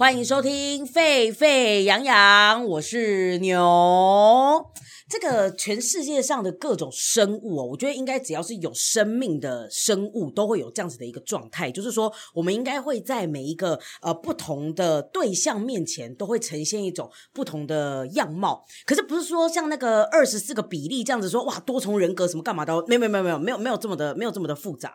歡迎收聽《吠吠揚養》，我是牛。這個全世界上的各種生物哦，我覺得應該只要是有生命的生物，都會有這樣子的一個狀態，就是說，我們應該會在每一個呃不同的對象面前，都會呈現一種不同的樣貌。可是不是說像那個二十四個比利這樣子說，哇，多重人格什麼幹嘛都，沒有沒有沒有沒有沒有這麼的沒有這麼的複雜，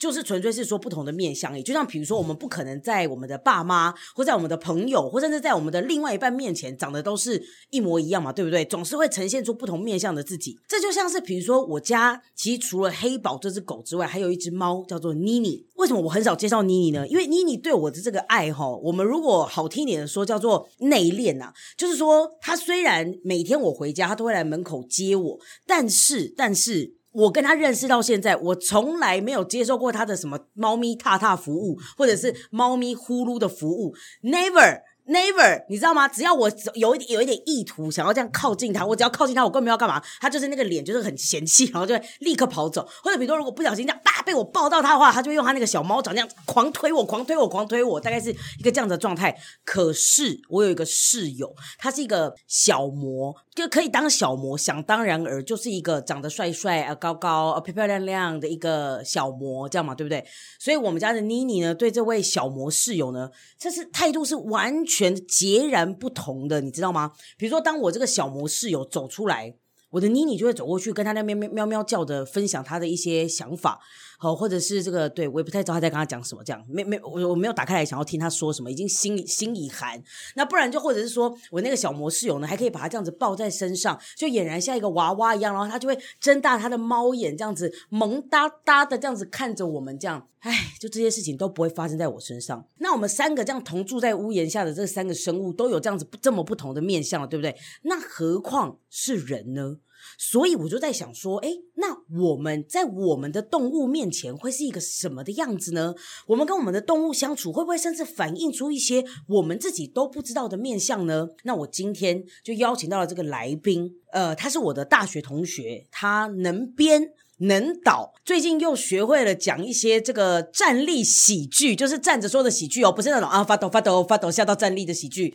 就是純粹是說不同的面相也，就像比如說，我們不可能在我們的爸媽或在我們的朋友或甚至在我們的另外一半面前長得都是一模一樣嘛，對不對？總是會呈現出。不同面向的自己，這就像是，比如說，我家其實除了黑寶這只狗之外，還有一只貓叫做妮妮。為什麼我很少介紹妮妮呢？因為妮妮對我的這個愛，哈，我們如果好聽一點的說，叫做內斂吶啊。就是說，它雖然每天我回家，它都會來門口接我，但是，但是我跟他認識到現在，我從來沒有接受過他的什麼貓咪踏踏服務，或者是貓咪呼嚕的服務，Never。Never，你知道嗎？只要我有一點有一點意圖想要這樣靠近他，我只要靠近他，我根本要幹嘛？他就是那個臉，就是很嫌棄，然後就會立刻跑走。或者比如說，如果不小心這樣，啊、呃，被我抱到他的話，他就會用他那個小貓爪這樣狂推，狂推我，狂推我，狂推我，大概是一個這樣的狀態。可是我有一個室友，他是一個小魔。就可以當小模，想當然爾就是一個長得帥帥啊、高高啊、漂漂亮亮的一個小模，這樣嘛，對不對？所以，我們家的妮妮呢，對這位小模室友呢，這是態度是完全截然不同的，你知道嗎？比如說，當我這個小模室友走出來，我的妮妮就會走過去，跟他那喵喵喵喵叫的分享他的一些想法。好，或者是這個，對我也不太知道他在跟他講什麼，這樣。沒沒我我沒有打開來想要聽他說什麼，已經心裡心裡寒。那不然就或者是說我那個小魔室友呢，還可以把它這樣子抱在身上，就儼然像一個娃娃一樣，然後他就會睜大他的貓眼，這樣子萌噠噠的這樣子看着我們，這樣，唉，就這些事情都不會發生在我身上。那我們三個這樣同住在屋檐下的這三個生物，都有這樣子這麼不同的面向了，對不對？那何況是人呢？所以我就在想說，哎，那我們在我們的動物面前會是一個什麼的樣子呢？我們跟我們的動物相處，會不會甚至反映出一些我們自己都不知道的面向呢？那我今天就邀請到了這個來賓，呃，他是我的大學同學，他能編能導，最近又學會了講一些這個站立喜劇，就是站着說的喜劇哦，不是那種啊發抖發抖發抖嚇到站立的喜劇。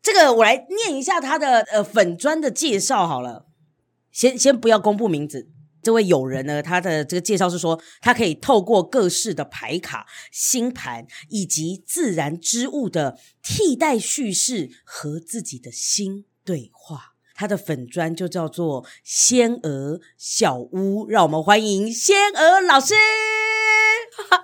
這個我來念一下他的呃粉專的介紹好了。先先不要公布名字，這位友人呢，他的這個介紹是說，他可以透過各式的牌卡、星盤以及自然之物的替代敘事，和自己的心對話。他的粉專就叫做仙鵝小屋，讓我們歡迎仙鵝老師。哈哈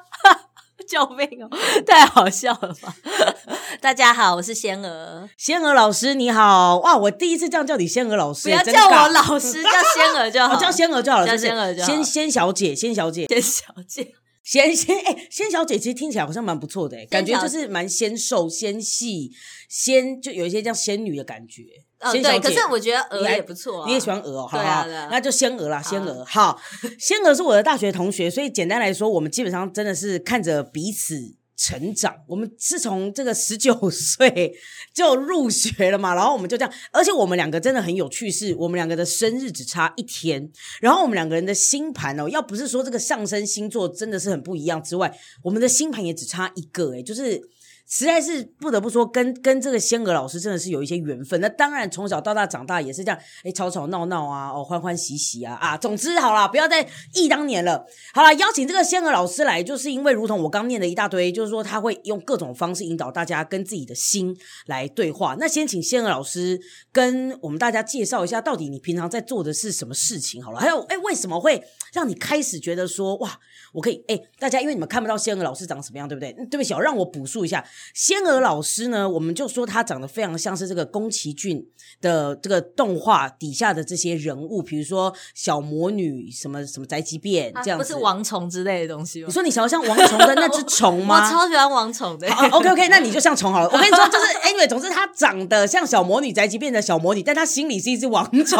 救命哦！太好笑了吧？ 大家好，我是仙娥。仙娥老師你好。哇，我第一次這樣叫你仙娥老師、欸，不要叫我老師，叫仙娥就好，靠叫仙娥就好了，叫仙娥就好了仙仙小姐，仙小姐，仙小姐，仙仙哎、欸，仙小姐其實聽起來好像蠻不錯的、欸，感覺就是蠻纖瘦、纖細、仙，就有一些像仙女的感覺。嗯、哦，對，可是我覺得鵝也不錯、啊、你，你也喜歡鵝、哦，好哈好，對啊對啊，那就仙鵝啦。仙好鵝，好，仙 鵝是我的大學同學，所以簡單來說，我們基本上真的是看着彼此成長。我們是從這個十九歲就入學了嘛，然後我們就這樣，而且我們兩個真的很有趣，是，我們兩個的生日只差一天，然後我們兩個人的星盤哦，要不是說這個上升星座真的是很不一樣之外，我們的星盤也只差一個誒，誒就是。實在是不得不說跟，跟跟這個仙鵝老師真的是有一些緣分。那當然，從小到大長大也是這樣，哎，吵吵鬧，鬧鬧啊，哦，歡歡喜喜啊，啊，總之好了，不要再憶當年了。好了，邀請這個仙鵝老師來，就是因為如同我剛念的一大堆，就是說他會用各種方式引導大家跟自己的心來對話。那先請仙鵝老師跟我們大家介紹一下，到底你平常在做的是什麼事情？好了，還有，哎，為什麼會讓你開始覺得說，哇，我可以？哎，大家因為你們看不到仙鵝老師長什麼樣，對不對？嗯、對不起、哦，讓我補述一下。仙鵝老師呢？我們就說她長得非常像是這個宮崎駿的這個動畫底下的這些人物，比如說小魔女什麼什麼宅急便，這樣子，啊、不是王蟲之類的東西嗎。你說你想要像王蟲的那隻蟲嗎我？我超喜歡王蟲的。OK OK，那你就像蟲好了。我跟你說，就是 Anyway，總之她長得像小魔女宅急便的小魔女，但她心裡是一隻王蟲。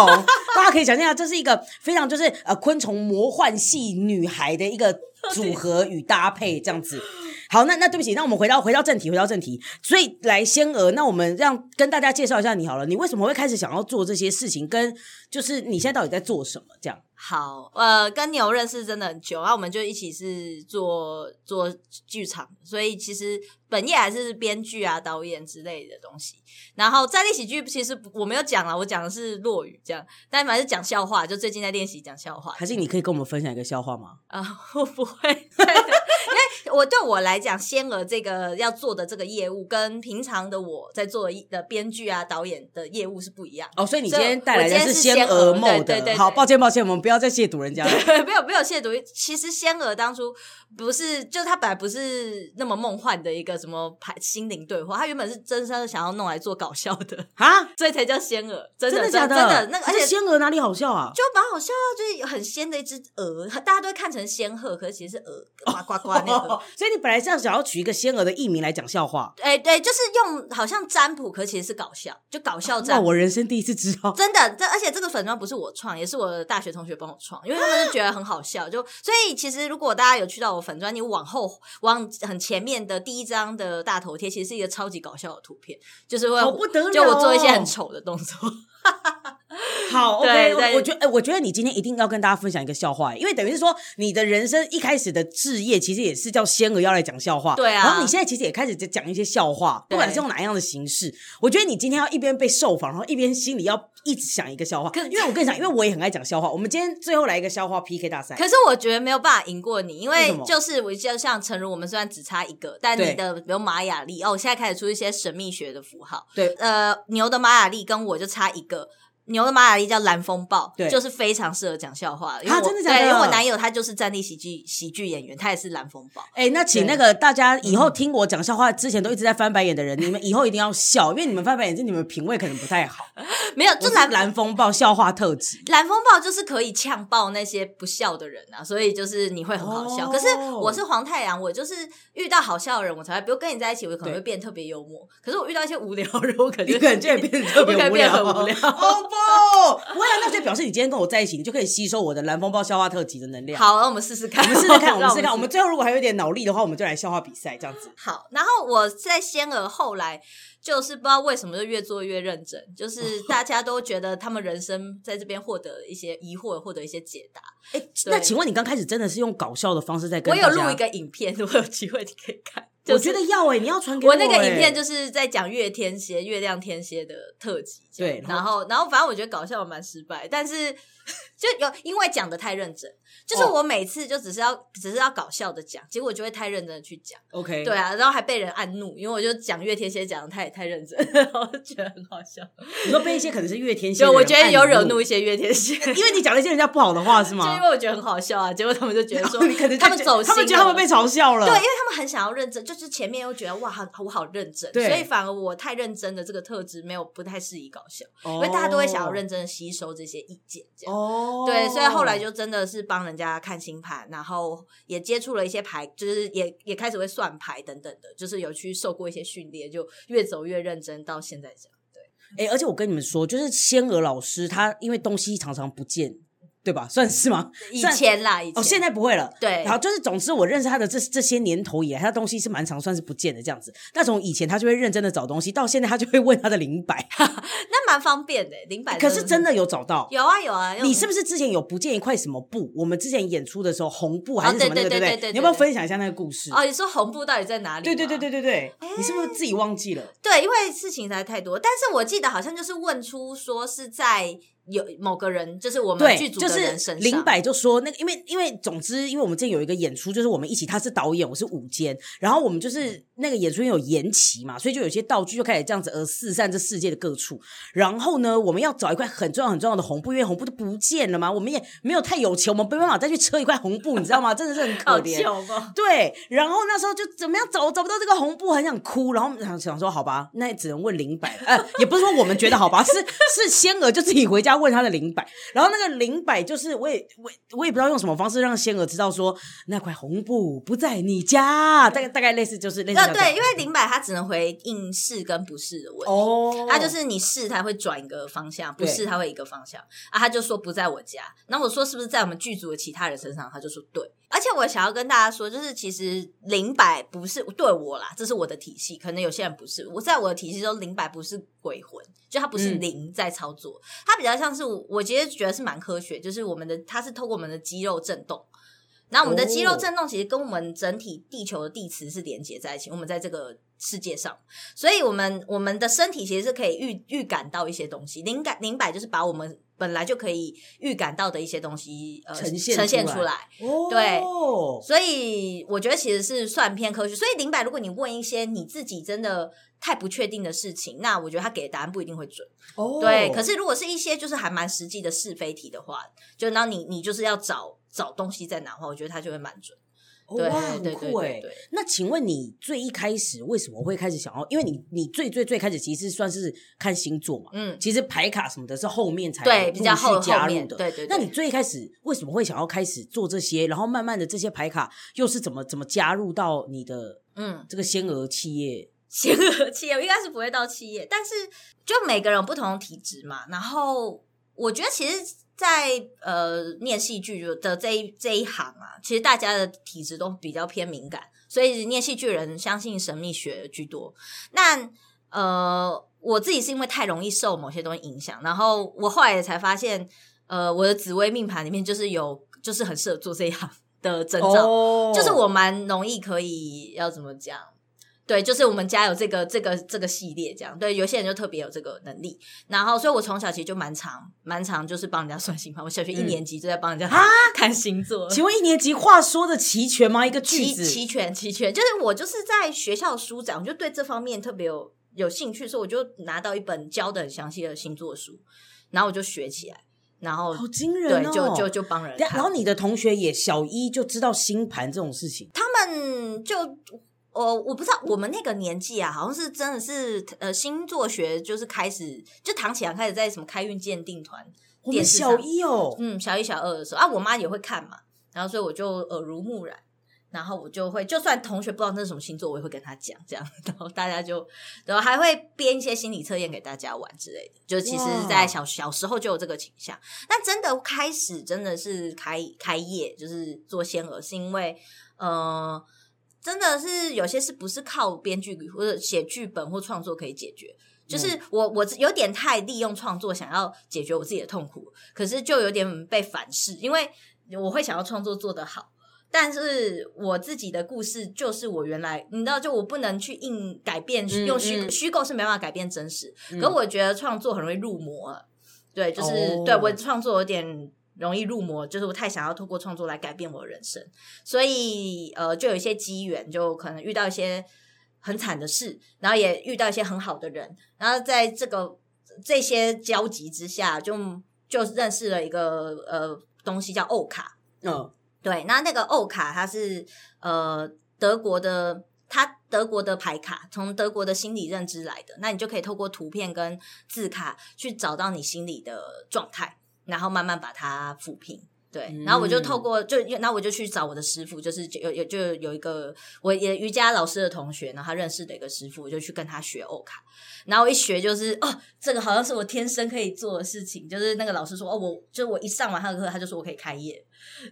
大家可以想象，這是一個非常就是呃昆蟲魔幻系女孩的一個組合與搭配，這樣子。好，那那對不起，那我們回到回到正題，回到正題。所以來，仙鵝，那我們讓跟大家介紹一下你好了。你為什麼會開始想要做這些事情？跟就是你現在到底在做什麼？這樣。好，呃，跟牛認識真的很久，然、啊、後我們就一起是做做劇場，所以其實本業還是編劇啊、導演之類的東西。然後在練喜劇，其實我沒有講啦，我講的是落語這樣，但凡是講笑話，就最近在練習講笑話。還是你可以跟我們分享一個笑話嗎？啊、嗯呃，我不會， 因為我對我來講，仙鵝這個要做的這個業務，跟平常的我在做的編劇啊、導演的業務是不一樣。哦，所以你今天帶來的是仙鵝夢的，對對對對，好，抱歉，抱歉，我們。不要再褻瀆人家！了。沒有沒有褻瀆。其實仙鵝當初不是，就是他本來不是那麼夢幻的一個什麼心靈對話。他原本是真心的想要弄來做搞笑的啊，蛤所以才叫仙鵝。真的，真的假的？真的，真的那而、個、且仙鵝哪裡好笑啊？就蠻好笑啊，就是很仙的一隻鵝，大家都會看成仙鶴，可是其實是鵝，呱呱呱那個。Oh, oh, oh, oh. 所以你本來這樣想要取一個仙鵝的藝名來講笑話，哎、欸、對，就是用好像占卜，可是其實是搞笑，就搞笑在、啊、那我人生第一次知道，真的。這而且這個粉專不是我創，也是我的大學同學。幫我創，因為他們就覺得很好笑，就所以其實如果大家有去到我粉專，你往後往很前面的第一張的大頭貼，其實是一個超級搞笑的圖片，就是我不會、哦，就我做一些很醜的動作。 好，對 okay, 對，對我。我覺得我覺得你今天一定要跟大家分享一個笑話，因為等於是說你的人生一開始的志業，其實也是叫仙鵝要來講笑話，對啊。然後你現在其實也開始在講一些笑話，不管是用哪樣的形式，對我覺得你今天要一邊被受訪，然後一邊心裡要。一直想一個笑話，可是因為我跟你講，因為我也很愛講笑話。我們今天最後來一個笑話 PK 大賽，可是我覺得沒有辦法贏過你，因為就是我就像陳如，我們雖然只差一個，但你的對比如馬雅曆，哦，我現在開始出一些神秘學的符號，對，呃，牛的馬雅曆跟我就差一個。牛的馬雅麗叫藍風暴，就是非常適合講笑話。他真的講，對，因為我男友他就是戰地喜劇喜劇演員，他也是藍風暴。哎，那請那個大家以後聽我講笑話之前都一直在翻白眼的人，你們以後一定要笑，因為你們翻白眼就你們品味可能不太好。沒有，就是藍風暴笑話特質。藍風暴就是可以嗆爆那些不笑的人啊，所以就是你會很好笑。可是我是黃太陽，我就是遇到好笑的人我才會，比如跟你在一起，我可能會變特別幽默。可是我遇到一些無聊的人，我可能就也變得特別無聊。哦，oh, 不會啊，那就表示你今天跟我在一起，你就可以吸收我的藍風暴消化特輯的能量。好，那我們試試看， 看，我們試試看，我們試試看。我們最後如果還有點腦力的話，我們就來消化比賽這樣子。好，然後我在仙鵝後來就是不知道為什麼就越做越認真，就是大家都覺得他們人生在這邊獲得一些疑惑，獲得一些解答。欸，那請問你剛開始真的是用搞笑的方式在？跟我有錄一個影片，家如果有機會你可以看。就是、我覺得要誒、欸，你要傳給我、欸。我那個影片就是在講月天蠍、月亮天蠍的特輯，對，然後然後反正我覺得搞笑蠻失敗，但是。就有因為講的太認真，就是我每次就只是要只是要搞笑的講，結果就會太認真的去講。OK，對啊，然後還被人按怒，因為我就講月天蠍講的太太認真， 我就覺得很好笑。你說被一些可能是月天蠍，我覺得有惹怒一些月天蠍， 因為你講了一些人家不好的話，是嗎？就因為我覺得很好笑啊，結果他們就覺得說你 他們走心了，他們覺得他們被嘲笑了。對，因為他們很想要認真，就是前面又覺得哇我好認真，對所以反而我太認真的這個特質沒有不太適宜搞笑，oh. 因為大家都會想要認真的吸收這些意見這樣。Oh. 哦，oh. 對，所以後來就真的是幫人家看星盤，然後也接觸了一些牌，就是也也開始會算牌等等的，就是有去受過一些訓練，就越走越認真，到現在這樣。對、欸，而且我跟你們說，就是仙鵝老師他，她因為東西常常不見。對吧？算是嗎？以前啦，以前哦，現在不會了。對，然後就是，總之我認識他的這這些年頭以來，他東西是蠻常，算是不見的這樣子。那從以前他就會認真的找東西，到現在他就會問他的靈擺，那蠻方便的靈擺。可是真的有找到？有啊，有啊。你是不是之前有不見一塊什麼布？我們之前演出的時候，紅布還是什麼的，對不對？你要不要分享一下那個故事？哦，你說紅布到底在哪裡？對對對對對對，你是不是自己忘記了？對，因為事情實在太多。但是我記得好像就是問出說是在。有某個人，就是我們劇組的人，就是、林柏就說那個，因為因為總之，因為我們這有一個演出，就是我們一起，他是導演，我是舞監，然後我們就是。嗯那個演出有延期嘛，所以就有些道具就開始這樣子而四散這世界的各處。然後呢，我們要找一塊很重要很重要的紅布，因為紅布都不見了嘛。我們也沒有太有錢，我們沒辦法再去扯一塊紅布，你知道嗎？真的是很可憐。 笑吧對，然後那時候就怎麼樣找找不到這個紅布，很想哭，然後想，想說好吧，那也只能問靈擺。呃， 也不是說我們覺得好吧，是是仙鵝就自己回家問他的靈擺。然後那個靈擺就是我也我我也不知道用什麼方式讓仙鵝知道說那塊紅布不在你家，大概大概類似就是類似。 對，okay, okay. 因為靈擺它只能回應是跟不是的問題，oh. 它就是你是它會轉一個方向，不是它會一個方向，對啊，他就說不在我家，那我說是不是在我們劇組的其他人身上，他就說對。而且我想要跟大家說，就是其實靈擺不是對我啦，這是我的體系，可能有些人不是。我在我的體系中，靈擺不是鬼魂，就它不是靈在操作，嗯、它比較像是我，我其實覺得是蠻科學，就是我們的它是透過我們的肌肉震動。那我們的肌肉震動其實跟我們整體地球的地磁是連接在一起。我們在這個世界上，所以我們我們的身體其實是可以預預感到一些東西。靈感靈擺就是把我們本來就可以預感到的一些東西呃呈現呈現出來。出來，對，哦，對，所以我覺得其實是算偏科學。所以靈擺，如果你問一些你自己真的太不確定的事情，那我覺得他給的答案不一定會準。哦，對。可是如果是一些就是還蠻實際的是非題的話，就那你你就是要找。找東西在哪的話，我覺得他就會蠻準。哦、哇對對對，對，對，對。那請問你最一開始為什麼會開始想要？因為你你最最最開始其實算是看星座嘛，嗯，其實牌卡什麼的是後面才比較後加入的後面。對對對。那你最一開始為什麼會想要開始做這些？然後慢慢的這些牌卡又是怎麼怎麼加入到你的嗯這個仙鵝企業？仙鵝、嗯、企業應該是不會到企業，但是就每個人有不同的體質嘛。然後我覺得其實。在呃，念戲劇的這一這一行啊，其實大家的體質都比較偏敏感，所以念戲劇人相信神秘學居多。那呃，我自己是因為太容易受某些東西影響，然後我後來也才發現，呃，我的紫微命盤裡面就是有，就是很適合做這一行的徵兆，oh. 就是我蠻容易可以要怎麼講。對，就是我們家有這個這個這個系列，這樣對，有些人就特別有這個能力。然後，所以我從小其實就蠻長蠻長，就是幫人家算星盤。我小學一年級就在幫人家啊看星座。嗯、星座請問一年級話說的齊全嗎？一個句子齊，齊全齊全，就是我就是在學校的書展，我就對這方面特別有有興趣，所以我就拿到一本教的很詳細的星座書，然後我就學起來，然後好驚人。哦，對，就就就幫人。然後你的同學也小一就知道星盤這種事情，他們就。我、oh, 我不知道，我們那個年紀啊，好像是真的是呃，星座學就是開始，就唐啟陽開始在什麼開運鑑定團，我們小一哦，嗯，小一、小二的時候啊，我媽也會看嘛，然後所以我就耳濡目染，然後我就會就算同學不知道那是什麼星座，我也會跟他講，這樣，然後大家就，然後還會編一些心理測驗給大家玩之類的，就其實，在小 Wow. 小時候就有這個傾向。但真的開始真的是開開業，就是做仙鵝，是因為呃。真的是有些事不是靠編劇或者寫劇本或創作可以解決，嗯、就是我我有點太利用創作想要解決我自己的痛苦，可是就有點被反噬，因為我會想要創作做得好，但是我自己的故事就是我原來，你知道就我不能去硬改變，嗯、用虛構、嗯、虛構是沒辦法改變真實，嗯、可我覺得創作很容易入魔、啊，對，就是、哦、對我創作有點。容易入魔，就是我太想要透過創作來改變我的人生，所以呃，就有一些機緣，就可能遇到一些很慘的事，然後也遇到一些很好的人，然後在這個這些交集之下，就就認識了一個呃東西叫歐卡，哦、嗯，對，那那個歐卡它是呃德國的，它德國的牌卡，從德國的心理認知來的，那你就可以透過圖片跟字卡去找到你心理的狀態。然後慢慢把它撫平，對。嗯、然後我就透過就，然後我就去找我的師傅，就是就有有就有一個我也瑜伽老師的同學，然後他認識的一個師傅，我就去跟他學歐卡。然後我一學就是哦，這個好像是我天生可以做的事情。就是那個老師說哦，我就我一上完他的課，他就說我可以開業，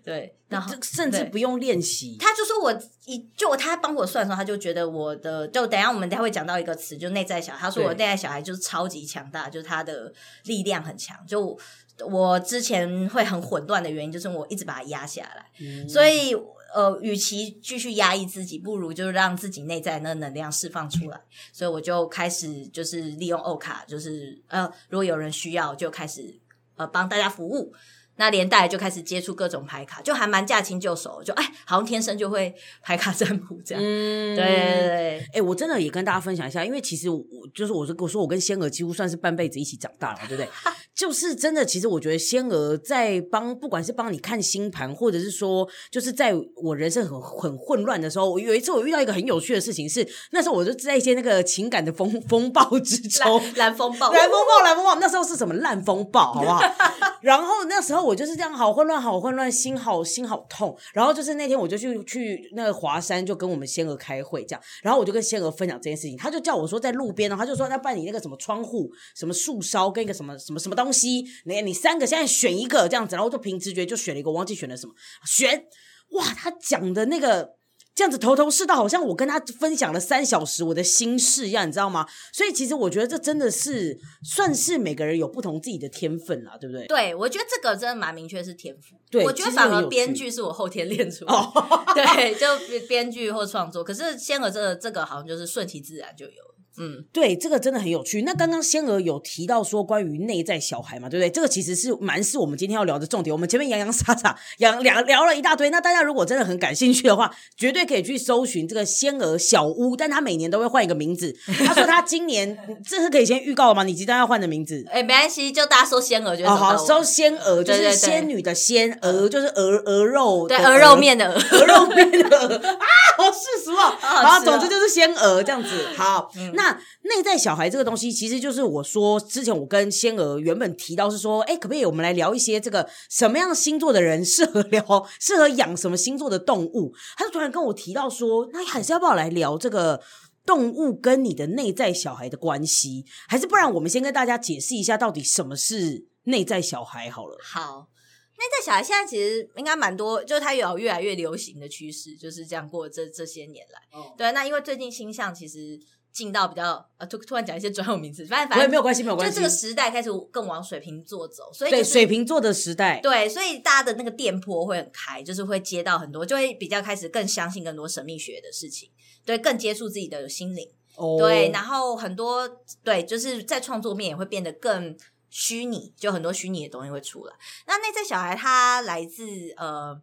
對。然後就甚至不用練習，他就說我一就他幫我算的時候，他就覺得我的就等一下我們待會講到一個詞，就內在小孩。他說我內在小孩就是超級強大，對就是他的力量很強，就。我之前會很混亂的原因，就是我一直把它壓下來，嗯、所以呃，與其繼續壓抑自己，不如就讓自己內在那個能量釋放出來，所以我就開始就是利用歐卡，就是呃，如果有人需要，就開始呃幫大家服務。那連帶就開始接觸各種牌卡，就還蠻駕輕就熟，就哎，好像天生就會牌卡占卜這樣。嗯、對，對，對，哎、欸，我真的也跟大家分享一下，因為其實我就是我，我說我跟仙鵝幾乎算是半輩子一起長大了，對不對？ 就是真的，其實我覺得仙鵝在幫，不管是幫你看星盤，或者是說，就是在我人生很很混亂的時候，我有一次我遇到一個很有趣的事情，是那時候我就在一些那個情感的風風暴之中，藍風暴，藍風暴，藍 風，風，風暴，那時候是什麼爛風暴、啊，好不好？然後那時候。我就是這樣，好混亂，好混亂，心好心好痛。然後就是那天，我就去去那個華山，就跟我們仙鵝開會這樣。然後我就跟仙鵝分享這件事情，他就叫我說在路邊，呢，他就說要辦理那個什麼窗戶、什麼樹梢跟一個什麼什麼什麼東西，你你三個現在選一個這樣子。然後我就憑直覺就選了一個，忘記選了什麼選。哇，他講的那個。這樣子頭頭是道，好像我跟他分享了三小時我的心事一樣，你知道嗎？所以其實我覺得這真的是算是每個人有不同自己的天分啦，對不對？對，我覺得這個真的蠻明確是天賦。對，我覺得反而編劇是我後天練出來，對，就編劇或創作。 可是仙鵝這個、這個好像就是順其自然就有。嗯，對，這個真的很有趣。那剛剛仙鵝有提到說關於內在小孩嘛，對不對？這個其實是蠻是我們今天要聊的重點。我們前面洋洋灑灑、洋洋聊，聊了一大堆。那大家如果真的很感興趣的話，絕對可以去搜尋這個仙鵝小屋，但他每年都會換一個名字。他說他今年 這是可以先預告了嗎？你即將要換的名字？哎、欸，沒關係，就大家搜仙鵝就好、哦。好，搜仙鵝就是仙女的仙，對對對，鵝就是鵝鵝肉的，對，鵝肉麵的鵝肉麵的鵝。 啊，好世俗哦。然後總之就是仙鵝這樣子。好，嗯、那。那內在小孩這個東西，其實就是我說之前我跟仙鵝原本提到是說，哎、欸，可不可以我們來聊一些這個什麼樣星座的人適合聊，適合養什麼星座的動物？她就突然跟我提到說，那還是要不要來聊這個動物跟你的內在小孩的關係？還是不然，我們先跟大家解釋一下到底什麼是內在小孩好了。好，內在小孩現在其實應該蠻多，就是它有越來越流行的趨勢，就是這樣過這這些年來。哦、對，那因為最近星象其實。進到比較呃、啊，突突然講一些專有名詞，反正反正沒有關係，沒有關係。就這個時代開始更往水瓶座走，所以對水瓶座的時代，對，所以大家的那個電波會很開，就是會接到很多，就會比較開始更相信更多神秘學的事情，對，更接觸自己的心靈，對，哦，然後很多對，就是在創作面也會變得更虛擬，就很多虛擬的東西會出來。那內在小孩他來自呃，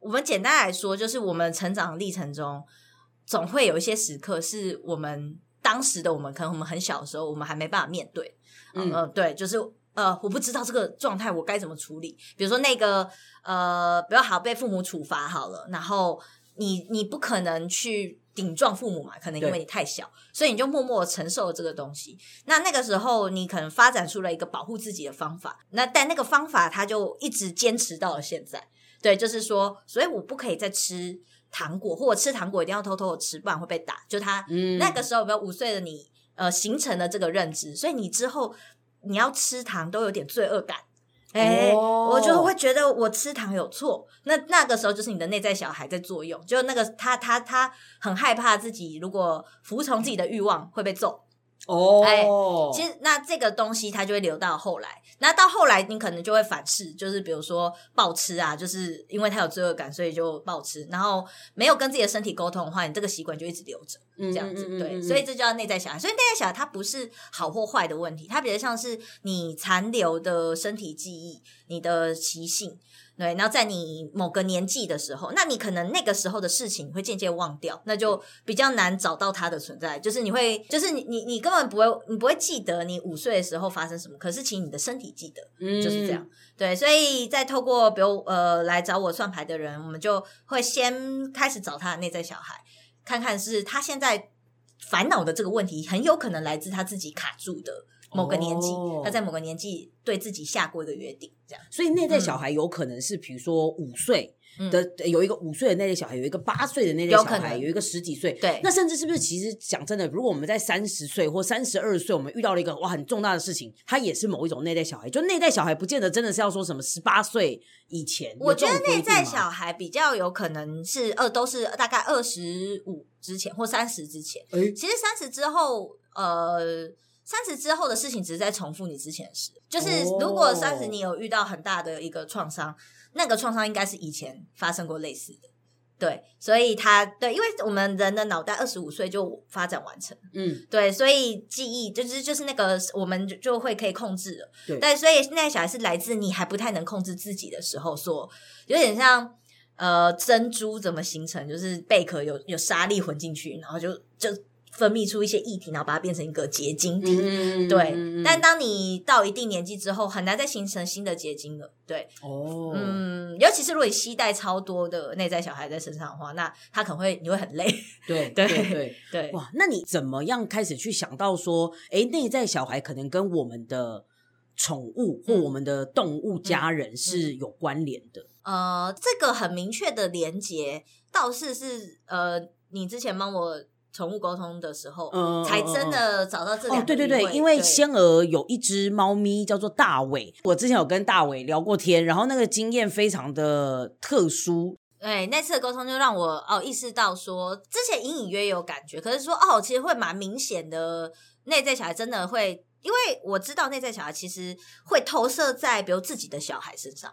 我們簡單來說，就是我們成長的歷程中。總會有一些時刻，是我們當時的我們，可能我們很小的時候，我們還沒辦法面對。嗯嗯，對，就是呃，我不知道這個狀態我該怎麼處理。比如說那個呃，不要好被父母處罰好了，然後你你不可能去頂撞父母嘛，可能因為你太小，對所以你就默默承受了這個東西。那那個時候你可能發展出了一個保護自己的方法，那但那個方法它就一直堅持到了現在。對，就是說，所以我不可以再吃。糖果或者吃糖果一定要偷偷的吃，不然會被打。就他、嗯、那個時候，比如五歲的你，呃，形成了這個認知？所以你之後你要吃糖都有點罪惡感，誒，哦、我就會覺得我吃糖有錯。那那個時候就是你的內在小孩在作用，就那個他他他很害怕自己如果服從自己的慾望會被揍。哦、oh. 哎，其實那這個東西它就會留到後來，那到後來你可能就會反噬，就是比如說暴吃啊，就是因為它有罪惡感，所以就暴吃，然後沒有跟自己的身體溝通的話，你這個習慣就一直留着，mm hmm. 這樣子對，所以這叫內在小孩，所以內在小孩它不是好或壞的問題，它比較像是你殘留的身體記憶、你的習性。對，然後在你某個年紀的時候，那你可能那個時候的事情會漸漸忘掉，那就比較難找到它的存在。就是你會，就是你你你根本不會，你不會記得你五歲的時候發生什麼。可是，請你的身體記得，就是這樣。嗯、對，所以，在透過比如呃來找我算牌的人，我們就會先開始找他的內在小孩，看看是他現在煩惱的這個問題，很有可能來自他自己卡住的。某個年紀，oh, 他在某個年紀對自己下過一個約定，這樣，所以內在小孩有可能是，比如說五歲的、嗯、有一個五歲的內在小孩，有一個八歲的內在小孩，有可能，有一個十幾歲，對，那甚至是不是其實講真的，如果我們在三十歲或三十二歲，我們遇到了一個哇很重大的事情，他也是某一種內在小孩，就內在小孩不見得真的是要說什麼十八歲以前，我覺得內在小孩比較有可能是二、呃、都是大概二十五之前或三十之前，欸、其實三十之後，呃。三十之後的事情只是在重複你之前的事，就是如果三十你有遇到很大的一個創傷，oh. 那個創傷應該是以前發生過類似的，對，所以他對，因為我們人的腦袋二十五歲就發展完成，嗯，對，所以記憶就是就是那個我們就，就會可以控制的，對，對，所以內在小孩是來自你還不太能控制自己的時候，說有點像呃珍珠怎麼形成，就是貝殼有有沙粒混進去，然後就就。分泌出一些液體，然後把它變成一個結晶體，嗯。對，嗯、但當你到一定年紀之後，很難再形成新的結晶了。對，哦，嗯，尤其是如果你攜帶超多的內在小孩在身上的話，那他可能會你會很累。對、對、對、對，對，對，對。哇，那你怎麼樣開始去想到說，哎、欸，內在小孩可能跟我們的寵物或我們的動物家人是有關聯的，嗯嗯嗯嗯嗯嗯。呃，這個很明確的連結倒是是，呃，你之前幫我。寵物溝通的時候，嗯，才真的找到這裡、嗯哦、對對對，因為仙鵝有一隻貓咪叫做大偉，我之前有跟大偉聊過天，然後那個經驗非常的特殊。對，那次的溝通就讓我哦意識到說，之前隱隱約有感覺，可是說哦，其實會蠻明顯的內在小孩真的會，因為我知道內在小孩其實會投射在比如自己的小孩身上。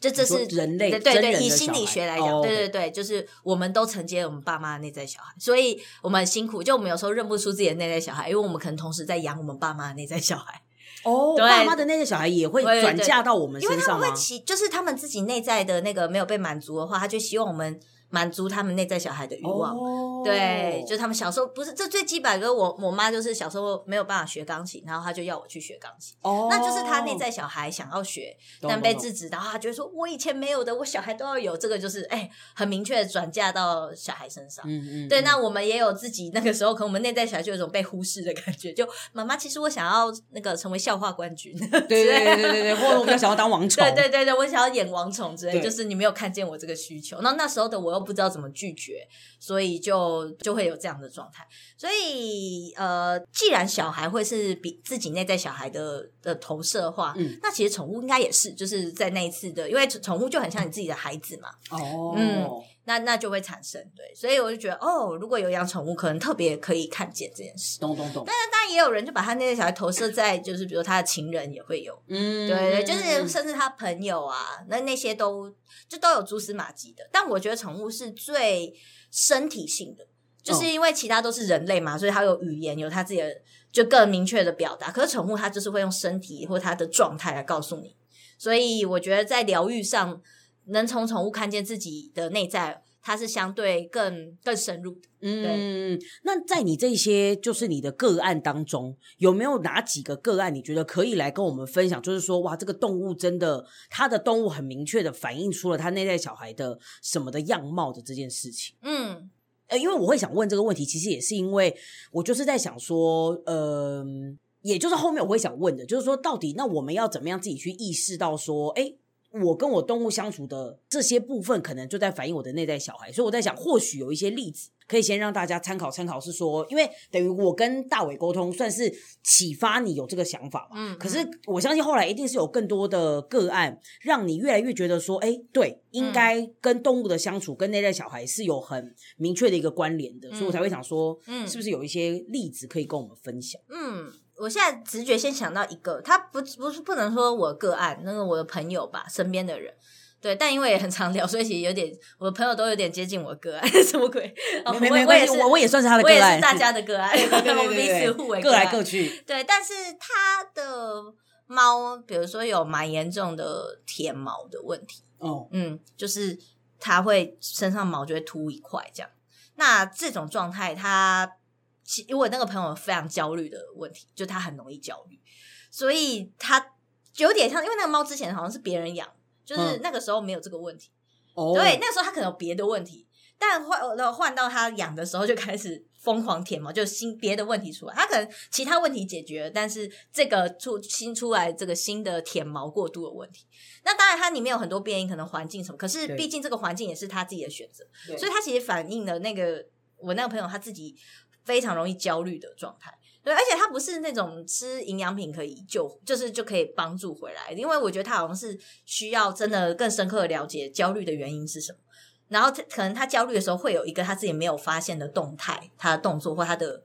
這這是人類真人的，對對，以心理學來講，oh, okay. 對對對，就是我們都承接我們爸媽的內在小孩，所以我們很辛苦，就我們有時候認不出自己的內在小孩，因為我們可能同時在養我們爸媽的內在小孩。哦、oh, 對，爸媽的內在小孩也會轉嫁到我們身上嗎？因為他們會起，就是他們自己內在的那個沒有被滿足的話，他就希望我們。滿足他們內在小孩的欲望，哦、對，就是他們小時候不是這最基本的，我我媽就是小時候沒有辦法學鋼琴，然後她就要我去學鋼琴，哦、那就是她內在小孩想要學，但被制止，然後她覺得說我以前沒有的，我小孩都要有，這個就是哎、欸，很明確的轉嫁到小孩身上。嗯，嗯嗯，對，那我們也有自己那個時候，可能我們內在小孩就有一種被忽視的感覺，就媽媽其實我想要那個成為笑話冠軍，對對對對對，或者呵我想要當王蟲，對對對對，我想要演王蟲之類，對就是你沒有看見我這個需求。那那時候的我又。不知道怎麼拒絕。所以就就會有這樣的狀態，所以呃，既然小孩會是比自己內在小孩的的投射的話，嗯，那其實寵物應該也是，就是在那一次的，因為寵物就很像你自己的孩子嘛，哦，嗯，那那就會產生對，所以我就覺得哦，如果有養寵物，可能特別可以看見這件事，咚咚咚。但是當然也有人就把他內在小孩投射在，就是比如說他的情人也會有，嗯，對對，就是甚至他朋友啊，那那些都就都有蛛絲馬跡的，但我覺得寵物是最。身體性的，就是因為其他都是人類嘛，哦、所以它有語言，有它自己的，就更明確的表達。可是寵物它就是會用身體或它的狀態來告訴你，所以我覺得在療癒上，能從寵物看見自己的內在。它是相對更更深入的，對嗯。那在你這些就是你的個案當中，有沒有哪幾個個案你覺得可以來跟我們分享？就是說，哇，這個動物真的，它的動物很明確的反映出了它內在小孩的什麼的樣貌的這件事情。嗯，因為我會想問這個問題，其實也是因為我就是在想說，嗯、呃，也就是後面我會想問的，就是說，到底那我們要怎麼樣自己去意識到說，誒。我跟我動物相處的這些部分，可能就在反映我的內在小孩，所以我在想，或許有一些例子可以先讓大家參考參考。是說，因為等於我跟大偉溝通，算是啟發你有這個想法嘛。嗯。可是我相信後來一定是有更多的個案，讓你越來越覺得說，誒，對，應該跟動物的相處跟內在小孩是有很明確的一個關聯的，所以我才會想說，嗯，是不是有一些例子可以跟我們分享？嗯。我現在直覺先想到一個，他不不是不能說我個案，那個我的朋友吧，身邊的人，對，但因為也很常聊，所以其實有點我的朋友都有點接近我個案，什麼鬼？哦、我也是我也算是他的個案，我也是大家的個案， 對,對,對,對,對我們彼此互為個案，各來各去。對，但是他的貓，比如說有蠻嚴重的舔毛的問題，哦，嗯，就是他會身上毛就會禿一塊這樣，那這種狀態他。因為我那個朋友非常焦慮的問題，就他很容易焦慮，所以他有點像，因為那個貓之前好像是別人養，嗯、就是那個時候沒有這個問題，哦、對，那個時候他可能有別的問題，但換換到他養的時候就開始瘋狂舔毛，就新別的問題出來，他可能其他問題解決了，但是這個出新出來這個新的舔毛過度的問題，那當然它裡面有很多變異，可能環境什麼，可是畢竟這個環境也是他自己的選擇，對所以他其實反映了那個我那個朋友他自己。非常容易焦慮的狀態，對，而且他不是那種吃營養品可以就，就是就可以幫助回來，因為我覺得他好像是需要真的更深刻的了解焦慮的原因是什麼，然後可能他焦慮的時候會有一個他自己沒有發現的動態，他的動作或他的。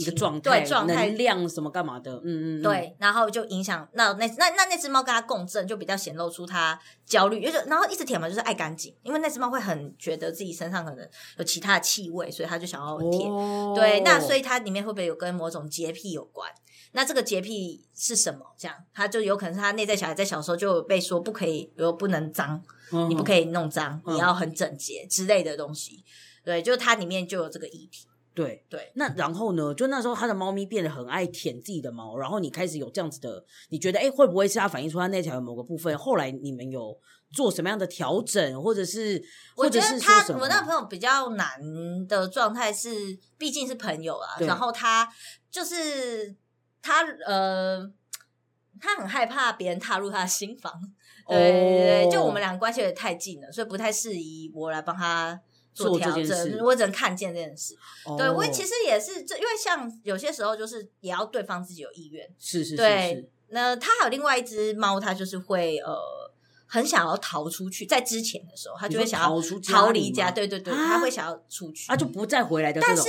一個狀態，對，狀態、量什麼幹嘛的，嗯嗯，對，嗯、然後就影響那那那那隻貓跟他共振，就比較顯露出它焦慮。也就然後一直舔嘛，就是愛乾淨，因為那隻貓會很覺得自己身上可能有其他的氣味，所以它就想要舔。哦、對，那所以它裡面會不會有跟某種潔癖有關？那這個潔癖是什麼？這樣，它就有可能是它內在小孩在小時候就被說不可以，比如不能髒，嗯、你不可以弄髒，嗯、你要很整潔之類的東西。對，就它裡面就有這個議題。對對，對，那然後呢？就那時候，他的貓咪變得很愛舔自己的毛，然後你開始有這樣子的，你覺得哎，會不會是他反映出他內在的某個部分？後來你們有做什麼樣的調整，或者是？我覺得他我那個朋友比較難的狀態是，畢竟是朋友啊，對然後他就是他呃，他很害怕別人踏入他的心房，對，oh. 對，就我們兩個關係也太近了，所以不太適宜我來幫他。做調整，我只能看見這件事。Oh. 對，我其實也是這，就因為像有些時候就是也要對方自己有意願。是，是是是。對，那他還有另外一只貓，它就是會呃，很想要逃出去。在之前的時候，它就會想要逃離家。家對對對，它、啊、會想要出去，他、啊、就不再回來的。但是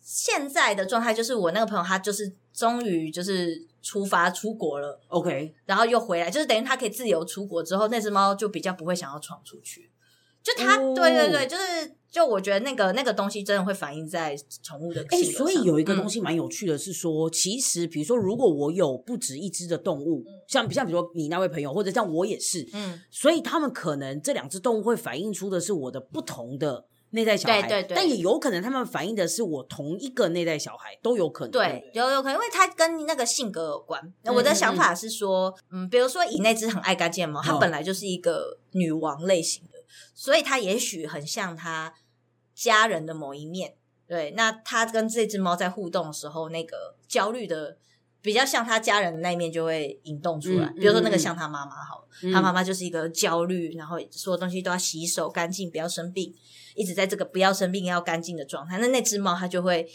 現在的狀態就是，我那個朋友他就是終於就是出發出國了。OK，然後又回來，就是等於他可以自由出國之後，那只貓就比較不會想要闖出去。就它，對對對，就是就我覺得那個那個東西真的會反映在寵物的。哎，所以有一個東西蠻有趣的，是說其實比如說，如果我有不止一只的動物，像比像比如說你那位朋友，或者像我也是，嗯，所以他們可能這兩只動物會反映出的是我的不同的內在小孩，對對對，但也有可能他們反映的是我同一個內在小孩都有可能，對，有有可能，因為它跟那個性格有關。我的想法是說，嗯，比如說以那只很愛乾淨的貓，它本來就是一個女王類型。所以他也許很像他家人的某一面，對，那他跟這隻貓在互動的時候，那個焦慮的比較像他家人的那一面就會引動出來，嗯嗯、比如說那個像他媽媽好了，嗯、他媽媽就是一個焦慮，然後所有東西都要洗手乾淨，不要生病，一直在這個不要生病要乾淨的狀態，那那隻貓它就會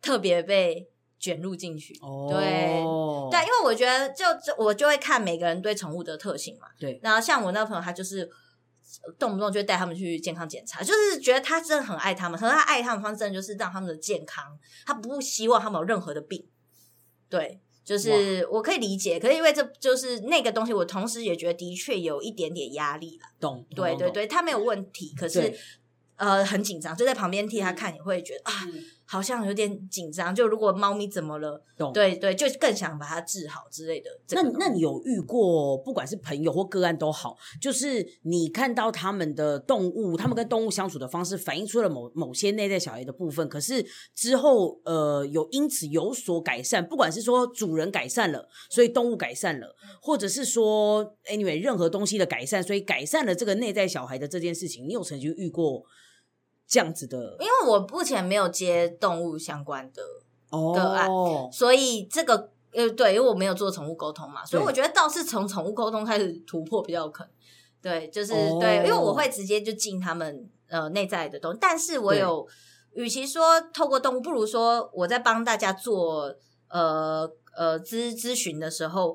特別被捲入進去。哦、對，對，因為我覺得就我就會看每個人對寵物的特性嘛，對，然後像我那朋友他就是。動不動就帶他們去健康檢查，就是覺得他真的很愛他們，可能他愛他們真的方式就是讓他們的健康，他不希望他們有任何的病。對，就是我可以理解，可是因為這就是那個東西，我同時也覺得的確有一點點壓力了。懂，對對對，他沒有問題，可是對呃很緊張，就在旁邊替他看，也會覺得啊。嗯好像有點緊張，就如果貓咪怎麼了，懂對對，就更想把它治好之類的。那那你有遇過，不管是朋友或個案都好，就是你看到他們的動物，他們跟動物相處的方式，反映出了某某些內在小孩的部分。可是之後，呃，有因此有所改善，不管是說主人改善了，所以動物改善了，或者是說 anyway 任何東西的改善，所以改善了這個內在小孩的這件事情，你有曾經遇過？這樣子的，因為我目前沒有接動物相關的個案，哦、所以這個呃，對，因為我沒有做寵物溝通嘛，對所以我覺得倒是從寵物溝通開始突破比較可能。對，就是，哦，對，因為我會直接就進他們呃內在的動物，但是我有，與對其說透過動物，不如說我在幫大家做呃呃諮諮詢的時候，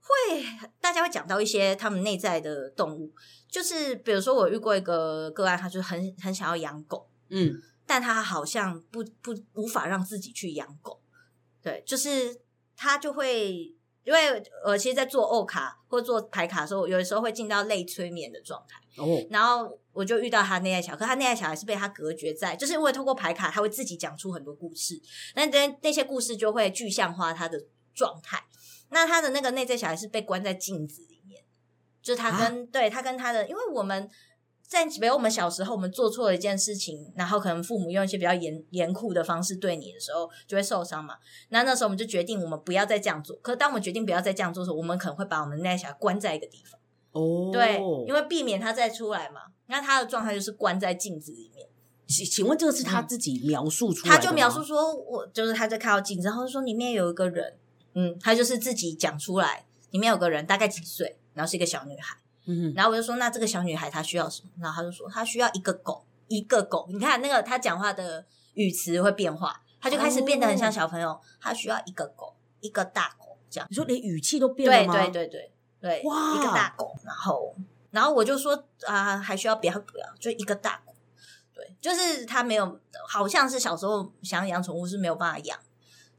會大家會講到一些他們內在的動物。就是比如說，我遇過一個個案，他就很很想要養狗，嗯，但他好像不不無法讓自己去養狗，對，就是他就會，因為呃其實，在做歐卡或做牌卡的時候，有的時候會進到類催眠的狀態，哦，然後我就遇到他內在小孩，可他內在小孩是被他隔絕在，就是因為透過牌卡，他會自己講出很多故事，那那那些故事就會具象化他的狀態，那他的那個內在小孩是被關在鏡子。就他跟、啊、對他跟他的，因為我們在比如我們小時候，我們做錯了一件事情，然後可能父母用一些比較嚴嚴酷的方式對你的時候，就會受傷嘛。那那時候我們就決定，我們不要再這樣做。可是當我們決定不要再這樣做的時候，我們可能會把我們那小孩關在一個地方。哦，對，因為避免他再出來嘛。那他的狀態就是關在鏡子裡面。請請問，這個是他自己描述出來的？他就描述說我，我就是他在看鏡子，然後就說裡面有一個人。嗯，他就是自己講出來，裡面有個人，大概幾歲？然後是一個小女孩，嗯哼，然後我就說，那這個小女孩她需要什麼？然後她就說，她需要一個狗，一個狗。你看那個她講話的語詞會變化，她就開始變得很像小朋友。哦、她需要一個狗，一個大狗這樣。你說連語氣都變了嗎？對對對對對，對哇，一個大狗。然後，然後我就說啊，還需要別，要不要，就一個大狗。對，就是他沒有，好像是小時候想要養寵物是沒有辦法養。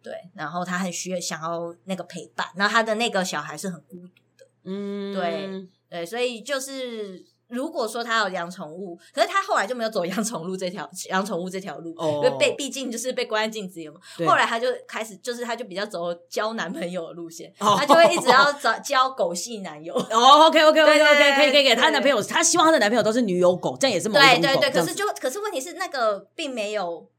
對，然後他很需要想要那個陪伴。然後他的那個小孩是很孤獨。嗯，對對，所以就是，如果說她有養寵物，可是她後來就沒有走養寵物這條養寵物這條路，因為被畢竟就是被關進監獄嘛。後來她就開始，就是她就比較走交男朋友的路線，她就會一直要找交狗系男友。哦，OK OK OK OK，可以可以，她男朋友，她希望她的男朋友都是女友狗，這樣也是某種狗。對對對，可是就，可是問題是那個並沒有。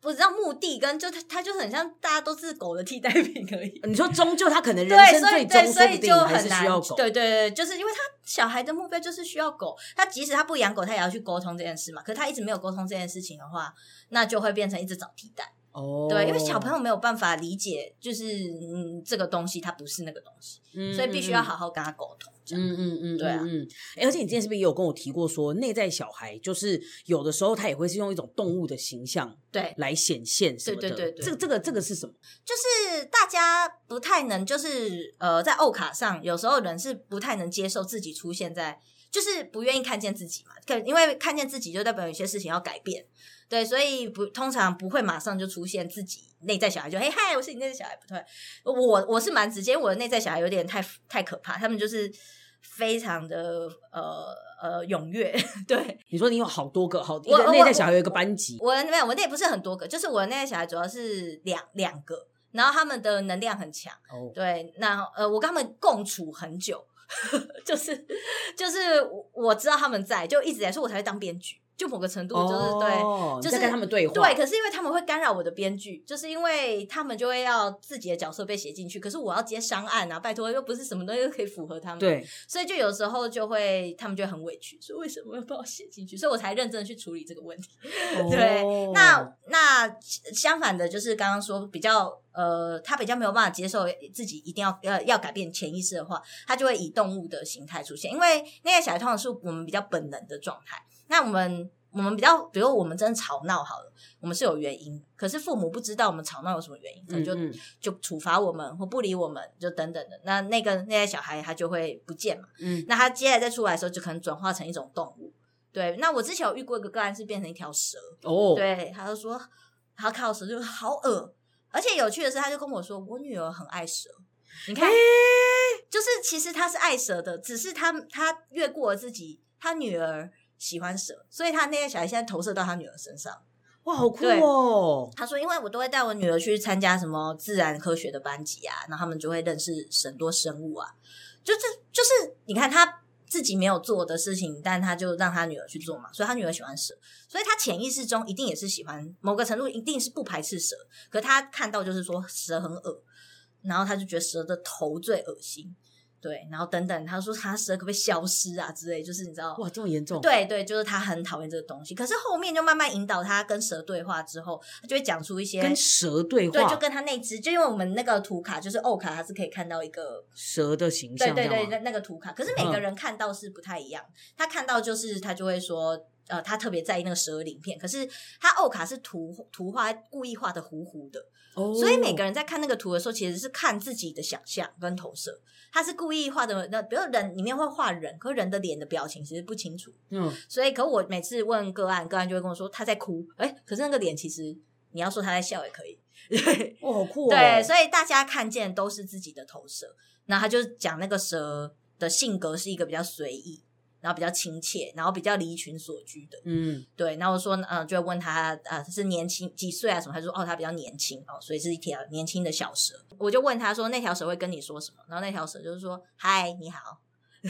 不知道目的跟就他，他就很像大家都是狗的替代品而已，可以。你說終究他可能人生最終對，所以說不定，所以就很難還是需要狗。對對對，就是因為他小孩的目標就是需要狗，他即使他不養狗，他也要去溝通這件事嘛。可他一直沒有溝通這件事情的話，那就會變成一直找替代。哦，oh, 對，因為小朋友沒有辦法理解，就是嗯，這個東西它不是那個東西，嗯、所以必須要好好跟他溝通。嗯、這樣，嗯嗯嗯，嗯對啊，嗯、欸，而且你之前是不是也有跟我提過說，說內在小孩就是有的時候他也會是用一種動物的形象，對，來顯現什麼的對。對對對，對、這個，這這個這個是什麼？就是大家不太能，就是呃，在歐卡上，有時候人是不太能接受自己出現在。就是不願意看見自己嘛，可因為看見自己就代表有些事情要改變，對，所以不通常不會馬上就出現自己內在小孩，就嘿，嗨，我是你內在小孩，不對，我我是蠻直接，我的內在小孩有點太太可怕，他們就是非常的呃呃踴躍。對，你說你有好多個好多個，我的內在小孩有一個班級，我，我，我，我的沒有，我那也不是很多個，就是我的內在小孩主要是兩兩個，然後他們的能量很強，哦，oh. 對，那呃，我跟他們共處很久。就是 就是，就是、我知道他們在，就一直在說，我才會當編劇。就某個程度就是對，oh, 就是跟他們對話。對，可是因為他們會干擾我的編劇，就是因為他們就會要自己的角色被寫進去。可是我要接商案啊，拜託又不是什麼東西又可以符合他們、啊。對，所以就有時候就會他們就很委屈，說為什麼要把我寫進去？所以我才認真的去處理這個問題。Oh. 對，那那相反的，就是剛剛說比較呃，他比較沒有辦法接受自己一定要要、呃、要改變潛意識的話，他就會以動物的形態出現，因為那些小孩通常是我們比較本能的狀態。那我們我們比較，比如我們真的吵鬧好了，我們是有原因，可是父母不知道我們吵鬧有什麼原因，他就、嗯嗯、就處罰我們或不理我們，就等等的。那個、那個那些小孩他就會不見嘛，嗯、那他接下來再出來的時候，就可能轉化成一種動物。對，那我之前有遇過一個個案是變成一條蛇哦，對，他就說他看到蛇就好惡，而且有趣的是，他就跟我說，我女兒很愛蛇，你看，欸、就是其實他是愛蛇的，只是他他越過了自己，他女兒。喜歡蛇，所以他那些小孩現在投射到他女兒身上，哇，好酷哦！他說，因為我都會帶我女兒去參加什麼自然科學的班級啊，然後他們就會認識很多生物啊，就是就是，你看他自己沒有做的事情，但他就讓他女兒去做嘛，所以他女兒喜歡蛇，所以他潛意識中一定也是喜歡，某個程度一定是不排斥蛇，可是他看到就是說蛇很惡，然後他就覺得蛇的頭最惡心。對，然後等等，他說他蛇可不可以消失啊之類，就是你知道，哇，這麼嚴重。對對，就是他很討厭這個東西。可是後面就慢慢引導他跟蛇對話之後，他就會講出一些跟蛇對話，對，就跟他那隻，就因為我們那個圖卡就是歐卡，他是可以看到一個蛇的形象，對對對，那個圖卡。可是每個人看到是不太一樣，他、嗯、看到就是他就會說。呃，他特別在意那個蛇鱗片，可是他奧卡是圖圖畫故意畫得糊糊的，哦、所以每個人在看那個圖的時候，其實是看自己的想象跟投射。他是故意畫的，那比如說人裡面會畫人，可是人的臉的表情其實不清楚。嗯，所以可我每次問個案，個案就會跟我說他在哭，誒、欸、可是那個臉其實你要說他在笑也可以，對哦，好酷、哦。對，所以大家看見都是自己的投射。那他就講那個蛇的性格是一個比較隨意。然後比較親切，然後比較離群索居的，嗯，對。然後我說，呃，就問他，呃，是年輕幾歲啊？什麼？他就說，哦，他比較年輕哦，所以是一條年輕的小蛇。我就問他說，那條蛇會跟你說什麼？然後那條蛇就是說，嗨，你好，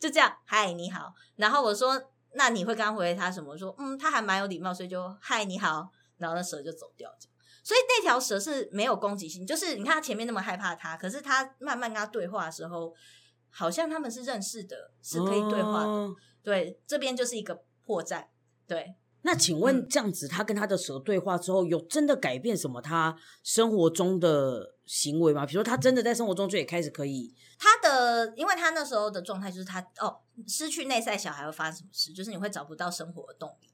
就這樣，嗨，你好。然後我說，那你會剛回他什麼？說，嗯，他還蠻有禮貌，所以就嗨，你好。然後那蛇就走掉這樣。所以那條蛇是沒有攻擊性，就是你看他前面那麼害怕他，可是他慢慢跟他對話的時候。好像他們是認識的，是可以對話的。哦、對，這邊就是一個破綻。對，那請問這樣子，他跟他的蛇對話之後，有真的改變什麼他生活中的行為嗎？比如說，他真的在生活中就也開始可以他的，因為他那時候的狀態就是他哦，失去內在小孩會發生什麼事？就是你會找不到生活的動力，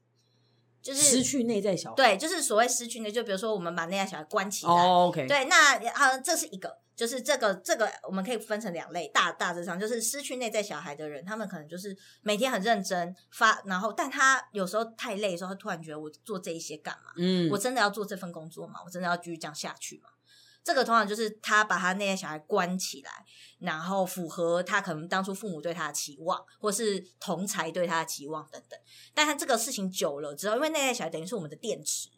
就是失去內在小孩。對，就是所謂失去的，就比如說我們把內在小孩關起來。哦、OK。對，那呃，這是一個。就是這個，這個我們可以分成兩類，大大致上，就是失去內在小孩的人，他們可能就是每天很認真發，然後但他有時候太累的時候，他突然覺得我做這一些幹嘛？嗯，我真的要做這份工作嗎？我真的要繼續這樣下去嗎？這個通常就是他把他內在小孩關起來，然後符合他可能當初父母對他的期望，或是同儕對他的期望等等。但他這個事情久了之後，因為內在小孩等於是我們的電池。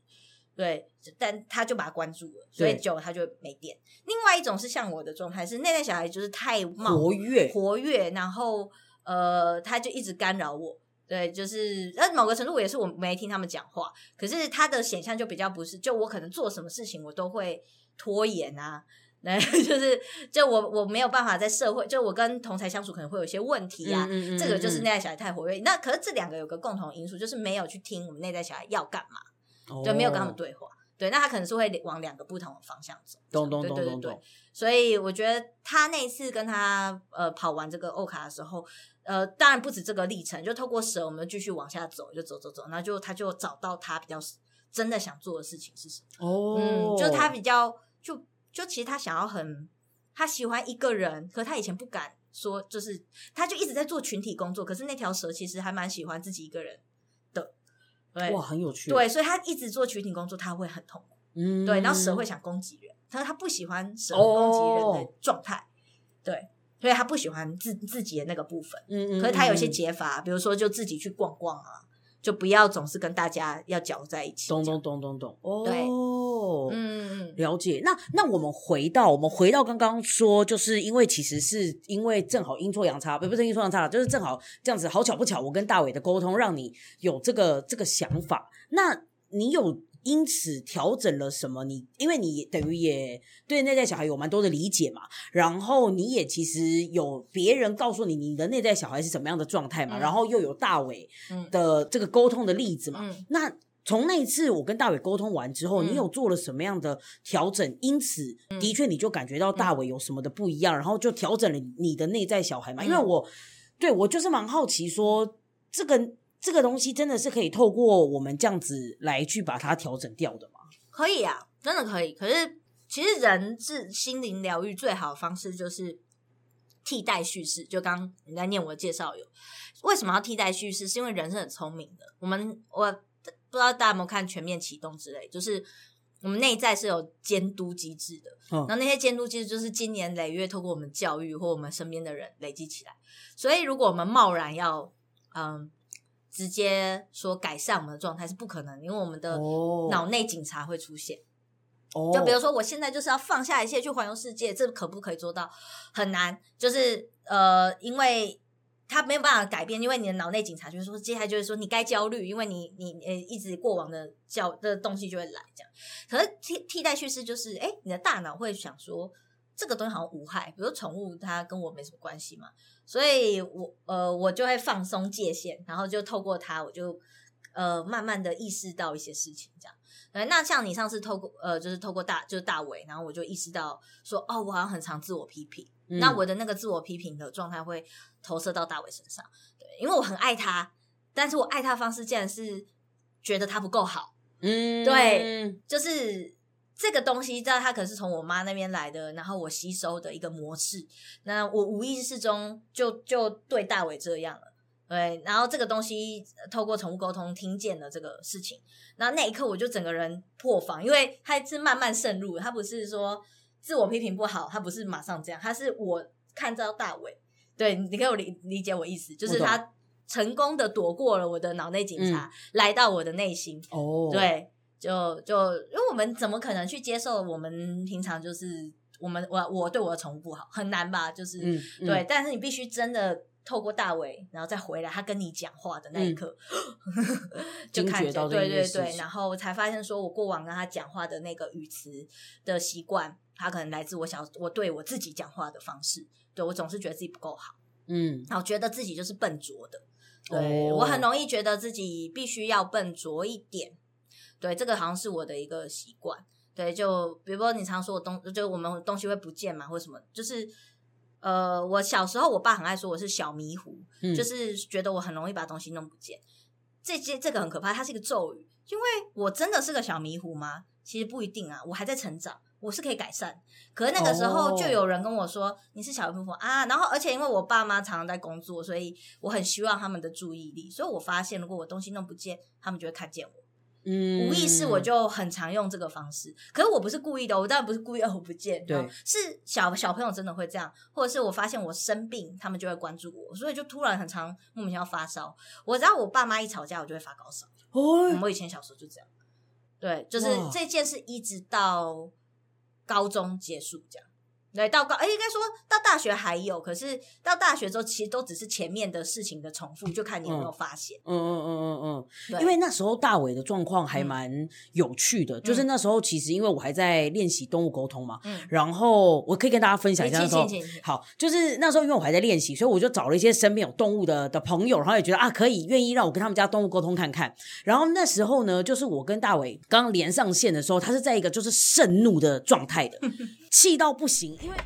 對，但他就把它關住了，所以久了他就沒電。對另外一種是像我的狀態是內在小孩就是太活躍，活躍，然後呃，他就一直干擾我。對，就是呃，某個程度也是我沒聽他們講話，可是他的顯像就比較不是，就我可能做什麼事情我都會拖延啊，那就是就我我沒有辦法在社會，就我跟同儕相處可能會有一些問題啊。嗯嗯嗯、這個就是內在小孩太活躍。嗯嗯、那可是這兩個有個共同因素就是沒有去聽我們內在小孩要幹嘛。對，oh. 沒有跟他們對話。對，那他可能是會往兩個不同的方向走。對對對對對。所以我覺得他那一次跟他呃跑完這個 OH 卡的時候，呃，當然不止這個歷程，就透過蛇，我們繼續往下走，就走走走，那就他就找到他比較真的想做的事情是什麼？哦。Oh. 嗯，就他比較就就其實他想要很他喜歡一個人，可是他以前不敢說，就是他就一直在做群體工作，可是那條蛇其實還蠻喜歡自己一個人。對哇，很有趣。對，所以他一直做群體工作，他會很痛苦。嗯，對，然後蛇會想攻擊人，他說他不喜歡蛇攻擊人的狀態。哦、對，所以他不喜歡自自己的那個部分。嗯嗯。嗯，可是他有些解法，嗯、比如說就自己去逛逛啊，就不要總是跟大家要攪在一起。懂懂懂懂懂。對哦。嗯、哦，了解。那那我們回到我們回到剛剛說，就是因為其實是因為正好陰錯陽差，不不是陰錯陽差了，就是正好這樣子，好巧不巧，我跟大偉的溝通讓你有這個這個想法。那你有因此調整了什麼你？你因為你等於也對內在小孩有蠻多的理解嘛，然後你也其實有別人告訴你你的內在小孩是什麼樣的狀態嘛，嗯、然後又有大偉的這個溝通的例子嘛，嗯、那。從那次我跟大偉溝通完之後，你有做了什麼樣的調整？嗯、因此，的確你就感覺到大偉有什麼的不一樣，嗯、然後就調整了你的內在小孩嘛。嗯、因為我對我就是蠻好奇說，說這個這個東西真的是可以透過我們這樣子來去把它調整掉的嗎？可以啊，真的可以。可是其實人是心靈療癒最好的方式就是替代敘事。就剛剛你在念我的介紹有，有為什麼要替代敘事？是因為人是很聰明的，我們我。不知道大家有沒有看《全面啟動》之類，就是我們內在是有監督機制的，嗯、然後那些監督機制就是經年累月透過我們教育或我們身邊的人累積起來。所以，如果我們貿然要嗯直接說改善我們的狀態是不可能，因為我們的腦內警察會出現。哦、就比如說我現在就是要放下一切去環遊世界，這可不可以做到？很難，就是呃，因為。他沒有辦法改變，因為你的腦內警察就是說，接下來就會說你該焦慮，因為你你呃一直過往的叫的東西就會來這樣。可是替替代敘事就是，哎、欸，你的大腦會想說這個東西好像無害，比如寵物它跟我沒什麼關係嘛，所以我呃我就會放鬆界限，然後就透過它，我就呃慢慢的意識到一些事情這樣。那像你上次透過呃就是透過大就是大偉，然後我就意識到說，哦，我好像很常自我批評，嗯、那我的那個自我批評的狀態會。投射到大偉身上，對，因為我很愛他，但是我愛他方式竟然是覺得他不夠好，嗯，對，就是這個東西，知道他可是從我媽那邊來的，然後我吸收的一個模式，那我無意識中就就對大偉這樣了，對，然後這個東西透過寵物溝通聽見了這個事情，然後那一刻我就整個人破防，因為他是慢慢滲入，他不是說自我批評不好，他不是馬上這樣，他是我看到大偉。對，你可以理理解我意思，就是他成功的躲過了我的腦內警察，嗯、來到我的內心。哦，對，就就因為我們怎麼可能去接受我們平常就是我們我我對我的寵物不好很難吧？就是、嗯、對，嗯、但是你必須真的透過大偉，然後再回來他跟你講話的那一刻，嗯、 就看到對對對，然後才發現說我過往跟他講話的那個語詞的習慣，他可能來自我小我對我自己講話的方式。對，我總是覺得自己不夠好，嗯，然後覺得自己就是笨拙的，對、哦、我很容易覺得自己必須要笨拙一點，對，這個好像是我的一個習慣，對，就比如說你常說我東，就我們東西會不見嘛，或者什麼，就是呃，我小時候我爸很愛說我是小迷糊，嗯、就是覺得我很容易把東西弄不見，這些這個很可怕，它是一個咒語，因為我真的是個小迷糊嗎？其實不一定啊，我還在成長。我是可以改善，可是那個時候就有人跟我說、oh. 你是小富婆啊，然後而且因為我爸媽常常在工作，所以我很希望他們的注意力。所以我發現，如果我東西弄不見，他們就會看見我。嗯，mm. 無意識我就很常用這個方式。可是我不是故意的，我當然不是故意的，我不見，對，是小小朋友真的會這樣，或者是我發現我生病，他們就會關注我，所以就突然很常莫名其妙發燒。我知道我爸媽一吵架，我就會發高燒、oh. 嗯。我以前小時候就這樣，對，就是這件事一直到。高中結束，這樣。對，到高哎，應該說到大學還有，可是到大學之後，其實都只是前面的事情的重複，就看你有沒有發現。嗯嗯嗯嗯嗯，嗯嗯嗯對因為那時候大偉的狀況還蠻有趣的，嗯、就是那時候其實因為我還在練習動物溝通嘛，嗯、然後我可以跟大家分享一下那時候。好，就是那時候因為我還在練習，所以我就找了一些身邊有動物的的朋友，然後也覺得啊可以願意讓我跟他們家動物溝通看看。然後那時候呢，就是我跟大偉剛剛連上線的時候，他是在一個就是盛怒的狀態的。 氣到不行，因為。